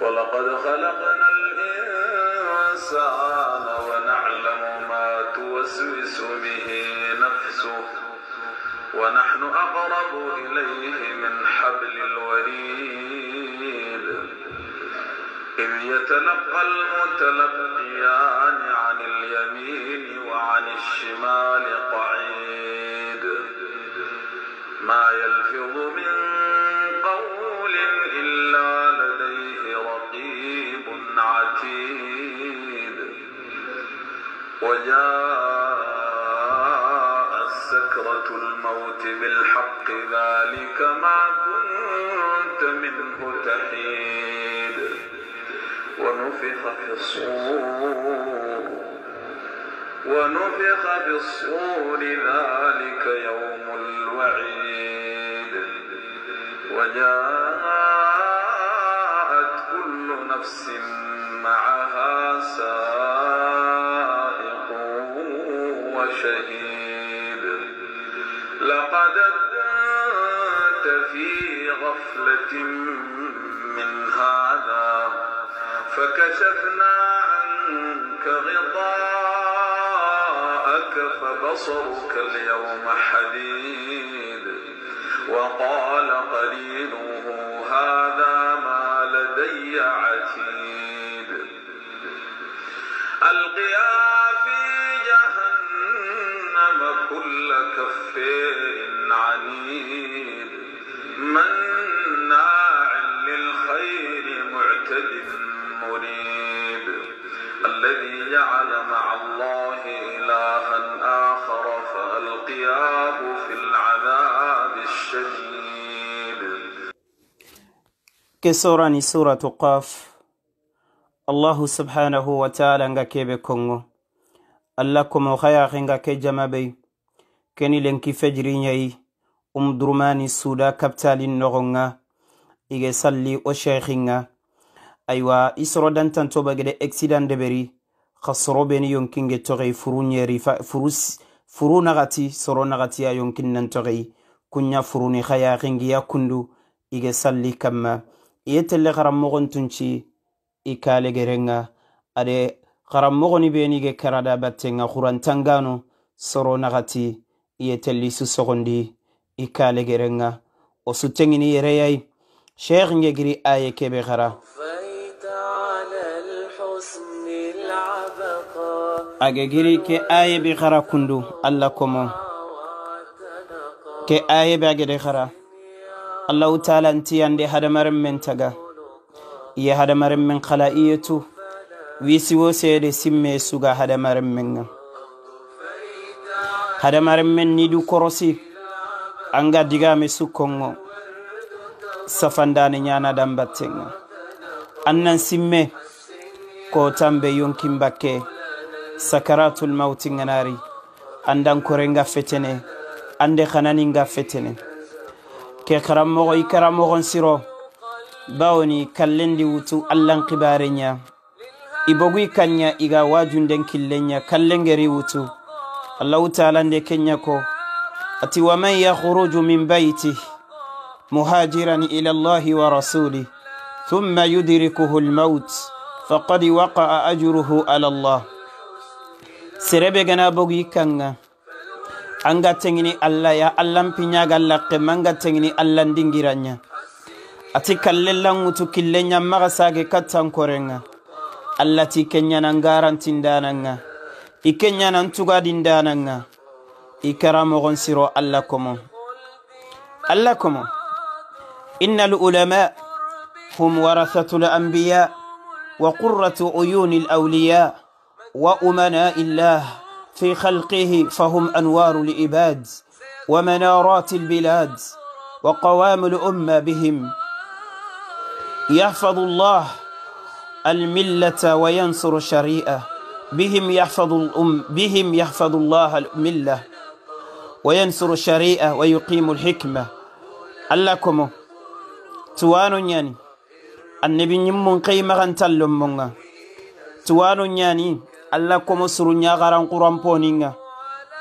ولقد خلقنا الإنسان ونعلم ما توسوس به نفسه ونحن أقرب إليه من حبل الوريد إذ يتلقى المتلقيان عن اليمين وعن الشمال قال منه تحيد ونفخ في الصور ونفخ في الصور ذلك يوم الوعيد وجاءت كل نفس معها بقلة من فكشفنا عنك غطاءك فبصرك اليوم حديد وقال ni suratu qaf allahu subhanahu wa taala nga kebe kongo alla komo hayahe nga ke jamabey keni lenki fejiri yayi um suda kaptalin nogon ga ige salli o shekhin ga aywa i soro dantantoba gede accident deberi ka soro beni yonkinge togey furu yeri furu nagati soro nagatiya yonkin nan togey kunya furuni hayahingiya kundu ige salli kamma iye telle xaranmoxon tunci i gerenga ade xaranmoxoni ge karada battenga xurantangano soro nagati iye su susoxondi i kalegerenga wo suttengini yereyai sheikh nge giri aye kebe xara age giri ke aye bi kara kundu allah komo ke aye be agede kara. allahu taala nti ande hadamaren men taga iye hadamaren men kala iyetu wisi wo seede simme suga hadamaren men ga hadamaren men nidu korosi anga digame sukkongo safandani ñana dambatten ga annan simme ko tambe yonkin bakke sakaratul mauti ganari andan korenga fetene ande hananinga fetene ke karamogo i karamogon siro bawoni kallendi wutu allan kibarenya i bogu i kanɲa i ga wajunden killenɲa kallengeri wutu allahu taalande kenɲa ko ati waman yakhuruju min baitih muhajiran ila allahi wa rasulih ثم يدركه الموت فقد وقع أجره على الله سربي جنابوغي كانغا anga tengini alla ya allan pinyaga lakke manga tengini allan dingiranya ati kallellan wutu killenya maga sage kattan korenga alla ti kenyana ngarantindananga ikenyana ntugadindananga ikaramogon siro alla komo alla komo inna alulama hum warathatu lanbiya wa qurratu uyuni alawliya wa umanai llah في خلقه فهم أنوار لإباد ومنارات البلاد وقوام الأمة بهم يحفظ الله الملة وينصر الشريعة بهم يحفظ الأم بهم يحفظ الله الملة وينصر الشريعة ويقيم الحكمة اللكم توانو يعني النبي نمون قيمة غنتلم توانو يعني alla komo surunya garan quran poninga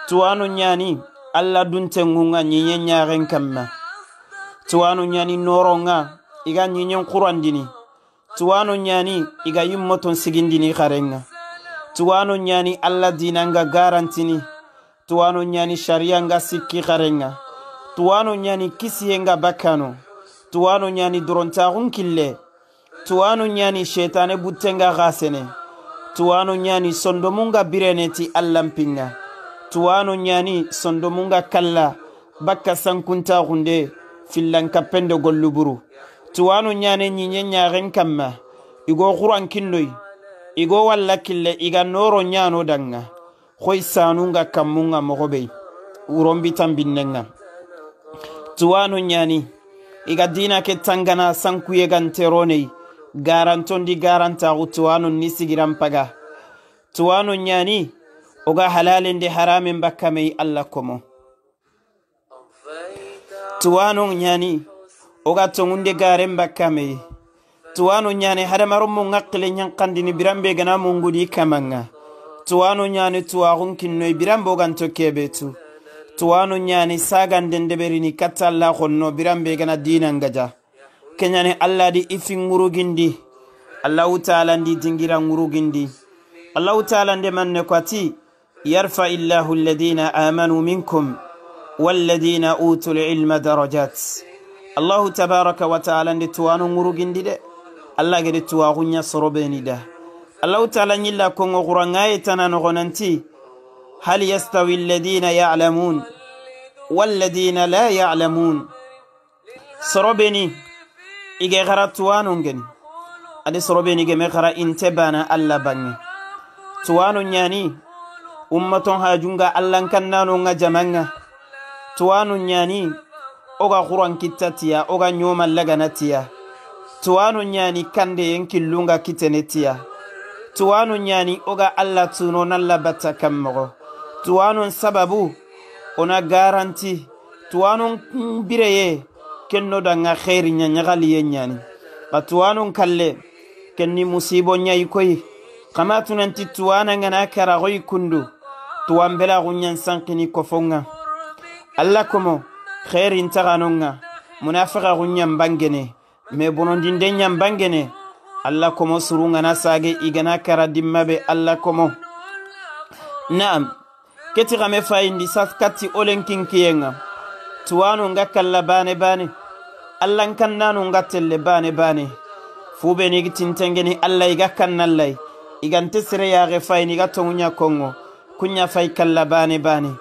tuwanu nyani alla duntengunga nyinye nyaren kanma. tuwanu nyani noronga iga nyinyen quran dini tuwanu nyani iga yimmoton sigindini garenga tuwanu nyani alla dinanga garantini tuwanu nyani shariyanga sikki garenga tuwanu nyani kisiyenga bakkano tuwanu nyani dorontaxun kille tuwanu nyani shetane buttenga gasene tuwano nyani sondomunga ti allampinga tuwano nyani sondomunga kalla bakka sankunta hunde fillankapendo golluburu tuwano nyane nyinye nyaren kamma igo huran kinnoy igo walla kille iga noro nyano danga khoi sanunga kammunga mogobe urombi binnenga tuwano nyani iga dina ke tangana sankuye ganteronei garantondi garanta garantaxu tuwanun ni sigiran paga tuwanun ɲani oga halalindi haramin bakkamei allah komo tuwanun ɲani oga tongundi garen bakkamei tuwanun ɲani hadamaro mun ŋa xile ɲankandini biranbe gana mungudi kaman ŋa tuwanun ɲani tuwaxun kinnoi biranbo ganto kebetu tuwanun ɲani sagandendeberi ni katta allah xonno biranbe gana dinan gaja kenyani allah di ifi ngurugindi Allah taala ndi dingira ngurugindi Allah taala ndi manne ko ati yarfa illahu alladhina amanu minkum walladina utul ilma darajat Allah tabaraka wa taala nde tuwano ngurugindi de allah gede tuwaxunya sorobeni da Allah taala ñilla kongo xurangaye tana noxonanti hal yastawi alladina yalamun walladina la yalamun sorobeni ige xara tuwano ngeni adi sorobeni geme xara inte bana allah bange tuwano ñani ummaton hajunga nga jamanga tuwano ñani oga xuran kitta tiya oga ñoman lagana tiya tuwano ñani kandeyen killunga kitene tiya tuwano ñani oga allah tuno nalla batta kan moxo tuwanon sababu ona garanti tuwanon bireye kenno danga kheri nya nyagali yenyani katuwanu nkalle kenni musibo nya koy kama tunanti tuwana ngana kara goyi kundu tuwambela gunyan sankini kofonga alla komo muna ntaganonga munafiqa gunyan bangene me bonondinde nyan bangene alla komo surunga na sage igana kara dimmabe alla komo na'am keti game fayindi saskati olen nga kalla bane bane allan nga telle bane bane fuɓeni igi tintengeni allah iga kannallay igante ya yaxe fayini ga tonya kongo kunya fay kalla bane bane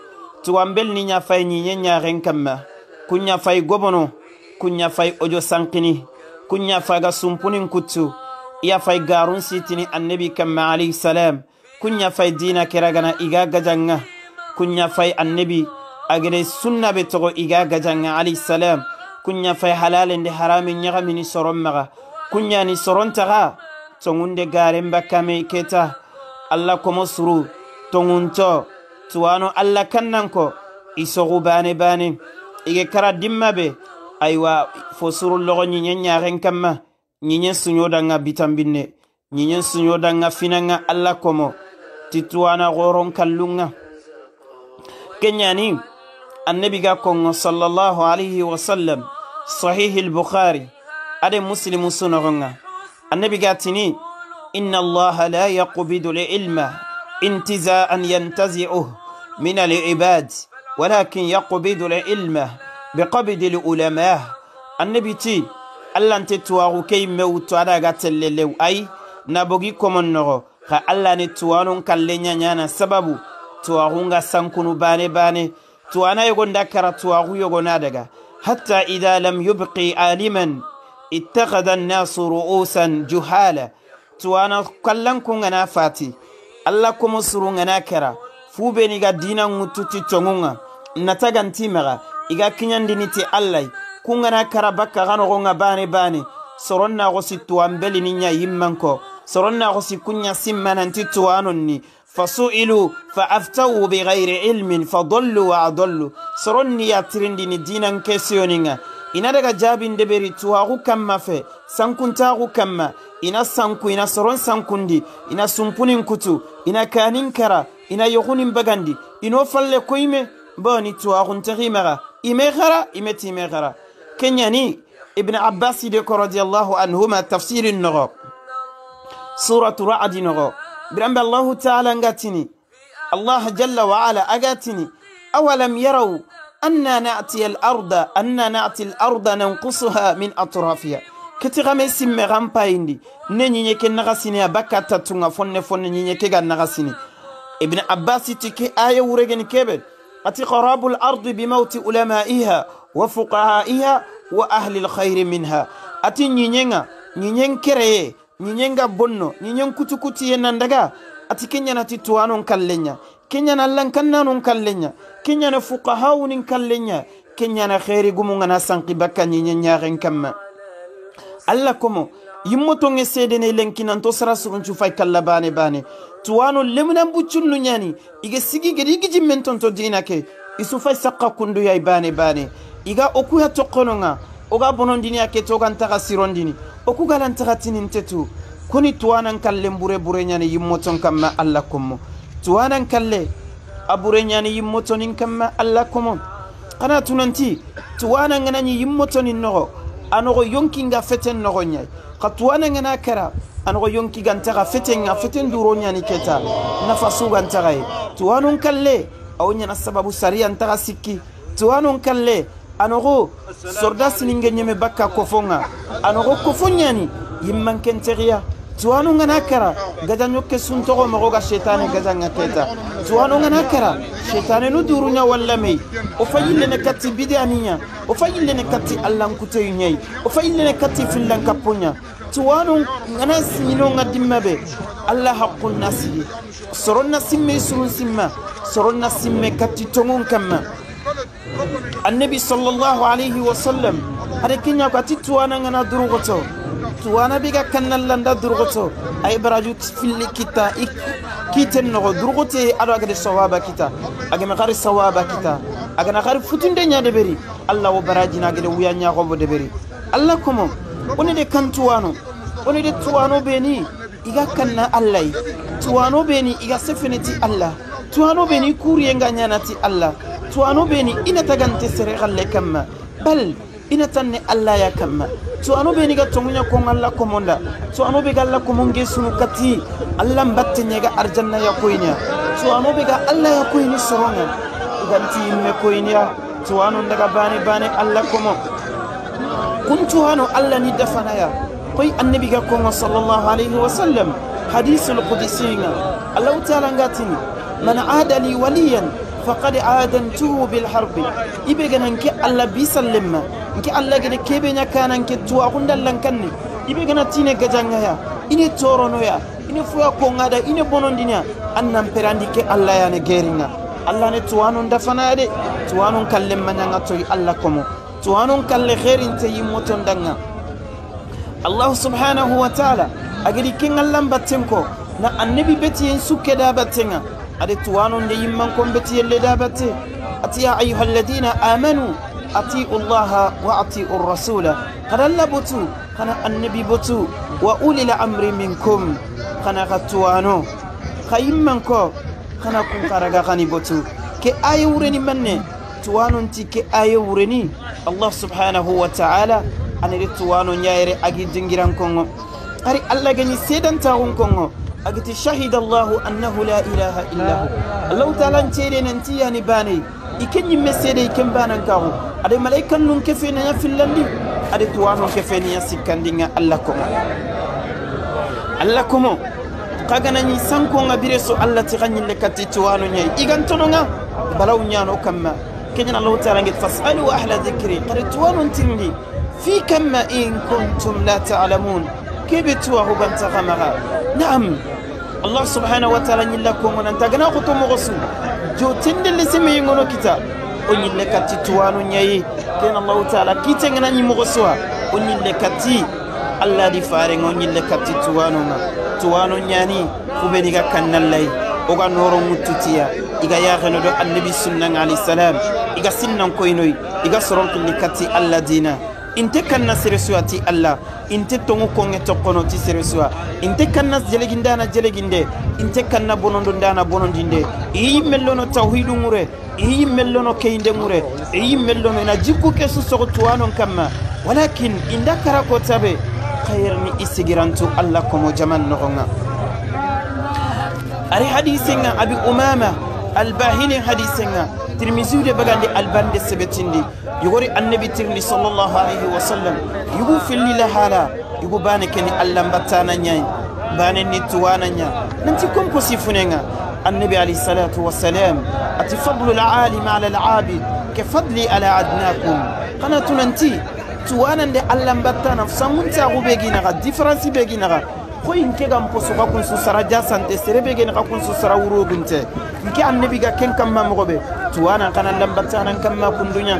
tuwambel ni ɲa fay nya ren kamma kunya fay gobono kunya fay ojo sankini kunɲa ga sumpunin kuttu iya fay garun sitini annabi kanma salam kunya fay dina kiragana iga gajanga kunya fay annabi agere sunna be togo iga gajanga alayhisalam kunya fay halale nde harami ñagamini soron maga kunyani sorontaga tongunde garen bakkame keta allah komo suru tongunto tuwano allah kannanko isogu bane bane ige kara dimma be aywa fo suru logo ñiñe ñaren kamma ñiñe suñodanga bitambinne ñiñe suñodanga finanga allah komo ti tuwana goron kallunga kenyani النبي قاكم صلى الله عليه وسلم صحيح البخاري أدي مسلم سنغنى النبي قاتني إن الله لا يقبض العلم انتزاء ينتزعه من العباد ولكن يقبض العلم بقبض العلماء النبي تي الله انت تواغو كي موت على قتل لو أي نبغي كومن نغو خا الله نتوانون كاللي نانا سببو تواغونغا سنكونو باني باني tuwana yogonda kara tuwaxu yogona daga hatta ida lam yubqi aliman an nasu ru'usan juhala ana kallan ana fati kuma suru ngana kara fu ni ga dinan ŋututi tongunga na tagan maga Iga kinyan diniti ti allai ngana kara bakka gano gonga bane bane soron naxosi tuwan belini ɲa yimmanko soron go sikunya simmananti tuwanon anonni فسئلوا فافتوا بغير علم فضلوا واضلوا سرني يا ترندين دينا كسيونينغا إن دغا جابين دبري تو كما في سانكون تا هو كما إن سانكو إن سرون سانكوندي إن سمبونين كتو إن كانين كرا إن يغونين بغاندي إنو فال كويمه بوني تو هو تغيمرا إيمغرا مرا إيمغرا كنياني ابن عباس رضي الله عنهما تفسير النغو سورة رعد نغو birambe allahu taala ngatini allah jalla waala agatini awalam yarau anna nati larda anna nati larda nankusuha min atrafiha ketigame simme ganpayindi ne ɲiɲeke nagasini a bakka tattunga fonne fonne ɲiɲeke ga nagasini ibn abbasi ti ke aya wuregeni kebe ati qarabu lardi bimauti ulamaiha wa fuqahaiha wa ahli lkhayri minha ati ɲiɲenga ɲiɲen kereye nyinyen ga bonno nyinyen kutukuti yena ndaga ati kenyana ti tuwanon kallenya kenyana lankannanon kallenya kenyana fukahawunin kallenya kenyana khairi gumu ngana sanki bakka nyinyen nyaren kamma alla komo yimmoto nge sede ne lenkinan to sara surun chufay kalla bane bane tuwano lemunan buchunnu nyani ige sigi gedi ige jimmenton to dinake isufay saqqa kundu yay bane bane iga okuya tokononga o ga bonondini a keto o ga n taga sirondini o ku gala n tagatinin te tu kuni tuwanan kallen bure bure ɲani yimmoton kanma alla kommo tuwanan kalle a bure ɲani yimmotonin kanma alla komo kana tunanti tuwanan ŋanaɲi yimmotonin nogo a nogo yonkin ga feten nogo ɲai ka tuwanan ŋana kara anogo yonki gantaga feten ga feten duro ɲani keta nafa su gantaga ye tuwanun kalle awo ɲana sababu sariyantaga sikki tuwanun kalle anogo sorda sininge nyeme bakka kofonga anogo kofunyani yimman kenteriya tuwanu ngana kara gada nyokke suntogo mogo ga shetane gada ngaketa tuwanu ngana kara shetane nu durunya wallame o fayille ne katti bidi aninya o ne katti allan kute nyai o ne katti fillan kaponya tuwanu ngana sinino ngadimma be allah haqqun nasiye soronna simme surun simma soronna simme katti tongon kamma annabi sallallahu alayhi wa sallam ada kinya ko ati tuwana ngana durugoto tuwana biga kannal landa durugoto ay baraju filli kita i kiten no durugote ado agade sawaba kita agama khari sawaba kita agana khari futunde nya de beri wo barajina baraji gede wuya nya deberi alla beri allah komo de kan tuwano oni de tuwano beni iga kanna allah tuwano beni iga sefeneti allah tuwano beni kuriyenga ti alla توانو بيني إنا تغن تسري غالي كما بل إنا تني ألا يا كما توانو بيني غتونيا كون الله كوموندا توانو بيغا الله كومونجي سنو كتي الله مبتي نيغا أرجنا يا كوينيا توانو بيغا الله يا كويني سرونيا غانتي إمي كوينيا توانو ندغا باني باني الله كومون كنتو هانو الله ندفنايا قوي النبي كون صلى الله عليه وسلم حديث القدسي الله تعالى غاتني من عاد لي وليا faqad adantuhu bilharbi ibe ganan ke allah bisallemma ke allah gede kebe ñakkanan ke tuwa kundallan kanne ibe gana tine gajangaya ine toronoya ine fuya kongada ine bonondinia annan perandi ke allah ya yane geringa allah ne tuwa tuwanon dafanaya de tuwanon kallenma ñanga toyi allah komo tuwanon ta yi yimmoton danga allahu subhanahu wa taala agedi kengallan batten ko na annabi betiyen sukkeda battenga أدتوان يمنكم بتي اللدابته أتي يا أيها الذين آمنوا أطيعوا الله وأطيعوا الرسول قال بتو قال النبي بتو وأولي الأمر منكم قال غتوانو خيمنكو قال كن قرغا غني بتو كي آي ورني مني توانو تي كي آي ورني الله سبحانه وتعالى أنا توانو نيايري أجي دنجران كونغو أري الله جني سيدان تاغون كونغو agati shahida allahu annahu la ilaha illa hu allahu taala ncede nanti yani bane iken yimme sede iken banan kawo ade malaikan nun kefe na fillandi ade tuwanu kefe ne sikkandi nga allah komo allah komo kagana ni sanko nga bireso allah ti ganyin le katti tuwanu nyai igan tono nga balaw nyano kamma kenyan allahu taala ngi fasalu ahla dhikri qad tuwanu tindi في كما إن كنتم لا تعلمون كيف توه بنتغمها نعم allah subhanahu wa taala ñilla kongo nanta gana xuto moxo su jotinde lesime yengono kita o ñille kati tuwanu ñayi ken allahu taala kitengana ñimoxo suwa o ñille kati allah di farenga o ñille kati tuwanonga tuwano ñani fuɓeni ga kannallayi oga noro ŋuttutiya iga yaxeno do annabi sunnanga alayhisalam iga sinnankoyinoyi iga soronkilli kati allah dina inte kanna seresuwa ti allah inte tongu konge tokkono ti seresuwa inte kanna jelegindana jeleginde inte kanna bonondondana bonondinde iyi mellono tawhidu ŋure iyi mellono keyinde ŋure iyi mellono ina jikku ke susogo tuwanon kamma walakin inda kara ko tabe kayerni i sigirantu allah komo jaman nogonŋa ari hadise ŋa abi umama albahinin hadise ŋa tirmisiw de bagandi albande sebetindi yogori annabi tirli sallallahu alaihi wasallam yugu filli lahala yugu bane keni allambattana ñayi bane ni tuwana ña nanti komposi funenga annabi alayhi salatu wasalam ati fadlu lalimi ala alabid ke fadli ala adnakum kana tunanti tuwanande allambattana sammuntaxu ɓeginaxa différence ɓeginaxa koyin ke gan poso ka kun su sara sere be gen ka kun su sara wuro gunte nke annabi ga ken ma mo be tuwana kana lambata nan ma kun dunya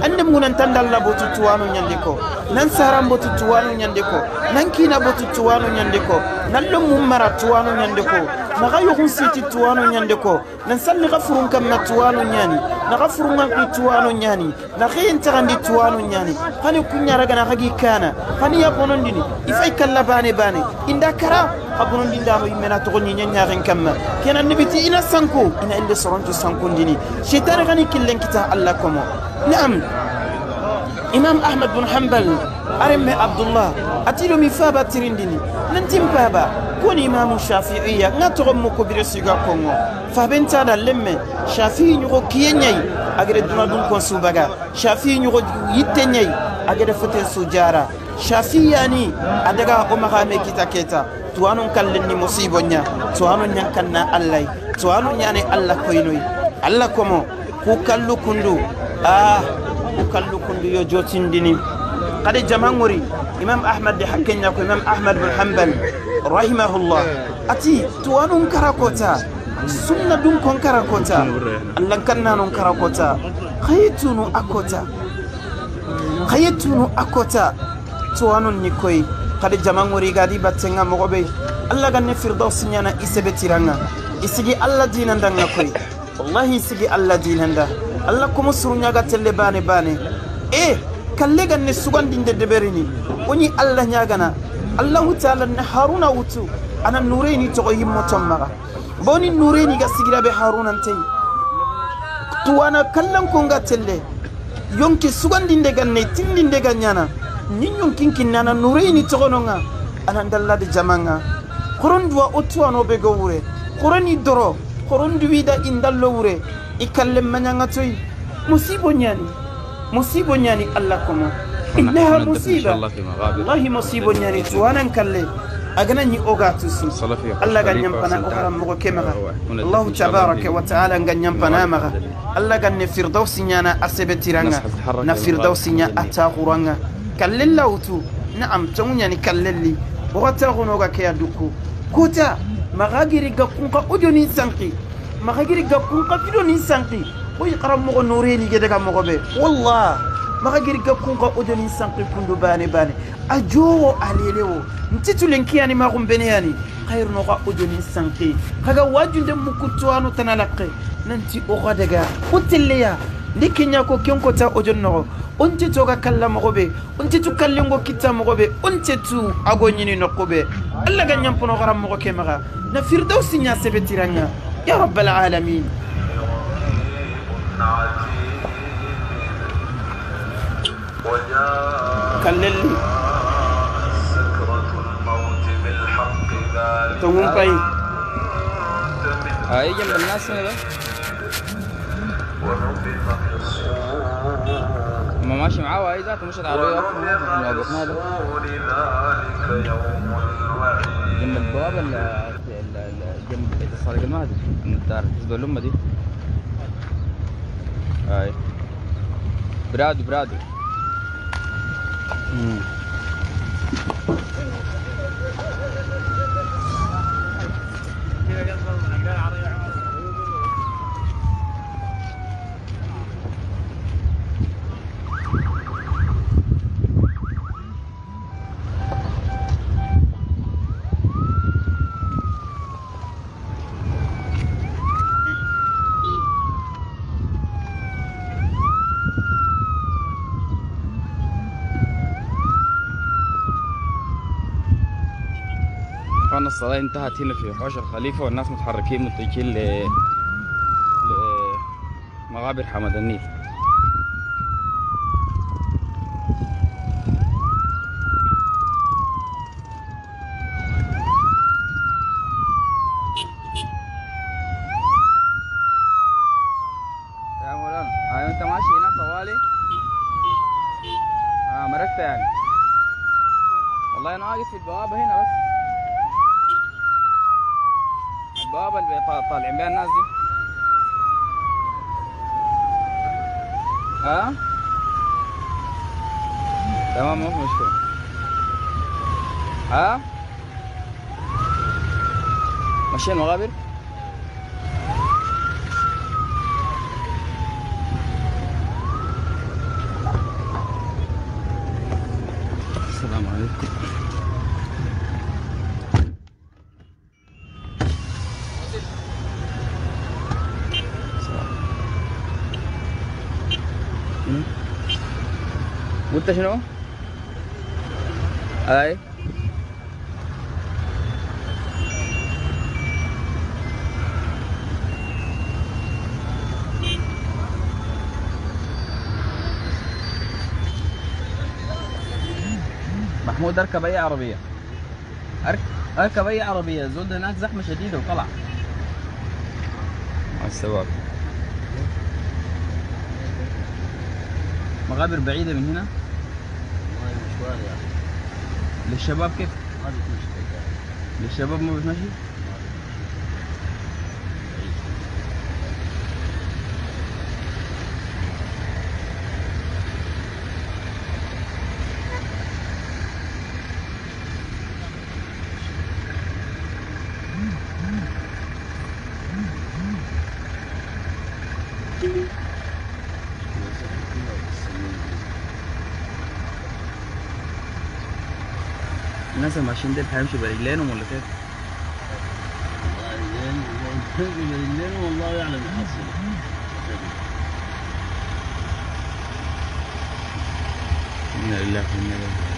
ande mu nan tan dalla bo tuwanu nyande ko nan saram bo tuwanu nyande ko nan kina bo tuwanu nyande ko nan lum mum mara tuwanu nyande ko نغيرون سيتي توانو نياني كو نسان نغفرون كم نتوانو نياني نغفرون كم نتوانو نياني نخين تغن دي توانو نياني هاني كن يارغا نغاقي كانا هاني يابونون ديني إفاي كلا باني باني إن دا كرا أبونون دين دارو يمنا تغني نياني نغن كم كينا نبتي إنا سنكو إنا إلي سرون تو سنكو ديني شيطان غني كلن كتاه الله كومو نعم إمام أحمد بن حنبل أرمي عبد الله أتيلو مفابا ترين ديني ننتم بابا ko ni imamu shafi'iya nga togo mo ko bire siga kongo faben tada lemme shafi'i nyugo kiyenyai agere duna dun kon subaga shafi'i nyugo yittenyai agere foten sujara shafiyani adaga o magame kita keta tuwanu kallen ni musibo nya tuwanu nyankanna allah tuwanu nyane allah koynoy allah komo ku kallu kundu ah ku kallu kundu yo jotindini kadi jamangori imam ahmad de hakkenya ko imam ahmad bin hanbal rahimahullah ati tuwanun karakota suna dunkon karakota allan kannanun karakota khaytunu akota khaytunu akota tuwanun nikoi kada jaman wuri gadi battenga mogobe allah ganne firdaus nyana isebe tiranga isigi allah dinan danga koi wallahi isigi allah dinan da allah kuma surunya ga telle bane bane eh kalle ne sugandinde deberini oni allah nyagana allahu taala ne haruna wutu ana nureni togo yimmo tommaga boni nureni ga sigira be haruna ntei tuwana kallankon ga telle yonki sugandinde gannei tindinde gannana nin yonkinkinne ana nureni togononga ana dallade jamanga horonduwa ottuwano be go wure horoni doro horonduwida indallo wure i kallen mayanga toyi musibo ñani musibo ñani allah kono إنها مصيبة والله مصيبة يعني توانا كلي أغنى أوغاتسو الله غن يمبنا أخرى مغو كمغا الله تبارك وتعالى غن يمبنا مغا الله غن فردوس نيانا أسبتيرانغا نفردوس نيا أتاغورانغا كلي الله تو نعم تون يعني كلي وغتاغونوغا كيا دوكو كوتا magagiri gakunka ojo nin sanki magagiri gakunka fido nin sanki oyi karam mogo noreni gede ga mogo be wallah maxa girika kunxa odenin sanki kundu bane bane a jowo alele wo ntitulen kiyani maxun beneyani xayiruno xa odenin sanki xaga wajunde mukutuwano tana laqe nanti oxa daga o telleya ndi kenya ko ken kota ojon noxo on te to ka kalla moxo be on te tu kallengo kitta moxo be on te tu ago ɲini noqu be alla ga ɲanpono xara moxo ke maxa na firdausi ɲa sebetiranga ya rabbal alamin كللي سكرة الموت بالحق ذلك تقوم باي هاي جنب الناس هذا ما ماشي معاه هاي ذاته مشت على الواقف هذا جنب البواب ولا جنب بيت الصادق المهدي من الدار حزب الأمة دي هاي برادو برادو 嗯。الصلاه انتهت هنا في حوش الخليفه والناس متحركين متجهين ل حمد النيل ganas انت شنو؟ اي محمود اركب اي عربيه اركب اي عربيه زود هناك زحمه شديده وطلع مع السواق مغابر بعيده من هنا للشباب كيف؟ هذه كل شيء للشباب مو بس مشي؟ هم عشان ديل هيمشوا برجلانهم ولا كده؟ والله اعلم اللي حصل إنا لله وإنا إليه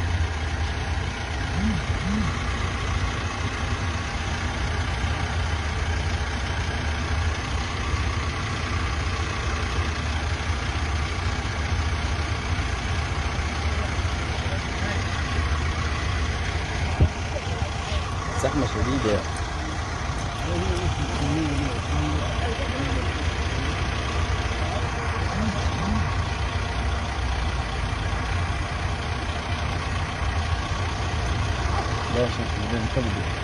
那是离得，那是离得更远。